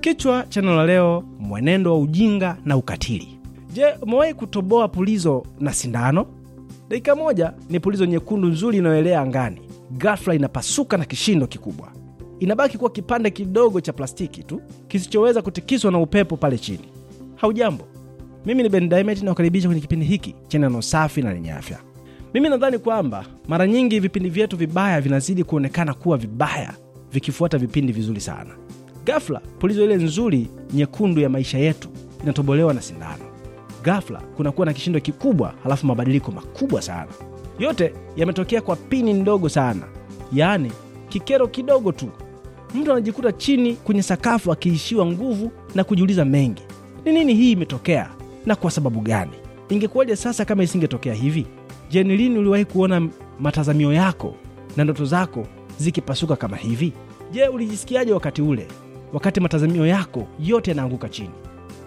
Kichwa cha neno la leo, mwenendo wa ujinga na ukatili. Je, umewahi kutoboa pulizo na sindano? Dakika moja ni pulizo nyekundu nzuri inayoelea angani, ghafla inapasuka na kishindo kikubwa. Inabaki kuwa kipande kidogo cha plastiki tu kisichoweza kutikiswa na upepo pale chini. Haujambo, mimi ni Ben Diamond na kwenye kipindi hiki cha neno safi na lenye afya. Mimi nadhani kwamba mara nyingi vipindi vyetu vibaya vinazidi kuonekana kuwa vibaya vikifuata vipindi vizuri sana. Ghafla pulizo ile nzuri nyekundu ya maisha yetu inatobolewa na sindano. Ghafla kunakuwa na kishindo kikubwa, halafu mabadiliko makubwa sana. Yote yametokea kwa pini ndogo sana, yaani kikero kidogo tu. Mtu anajikuta chini kwenye sakafu akiishiwa nguvu na kujiuliza mengi, ni nini hii imetokea na kwa sababu gani? Ingekuwaje sasa kama isingetokea hivi? Je, ni lini uliwahi kuona matazamio yako na ndoto zako zikipasuka kama hivi? Je, ulijisikiaje wakati ule? wakati matazamio yako yote yanaanguka chini.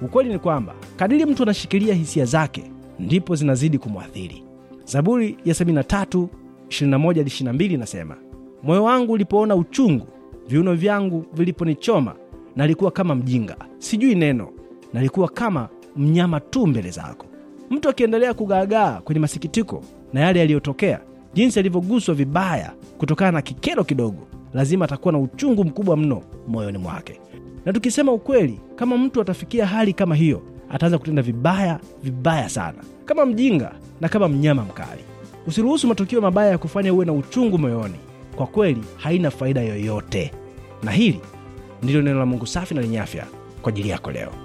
Ukweli ni kwamba kadiri mtu anashikilia hisia zake ndipo zinazidi kumwathiri. Zaburi ya 7321 22 inasema, moyo wangu ulipoona uchungu, viuno vyangu viliponichoma, nalikuwa kama mjinga, sijui neno, nalikuwa kama mnyama tu mbele zako. Mtu akiendelea kugaagaa kwenye masikitiko na yale yaliyotokea, jinsi alivyoguswa vibaya kutokana na kikero kidogo, lazima atakuwa na uchungu mkubwa mno moyoni mwake. Na tukisema ukweli, kama mtu atafikia hali kama hiyo, ataanza kutenda vibaya vibaya sana, kama mjinga na kama mnyama mkali. Usiruhusu matukio mabaya ya kufanya uwe na uchungu moyoni, kwa kweli haina faida yoyote. Na hili ndilo neno la Mungu safi na lenye afya kwa ajili yako leo.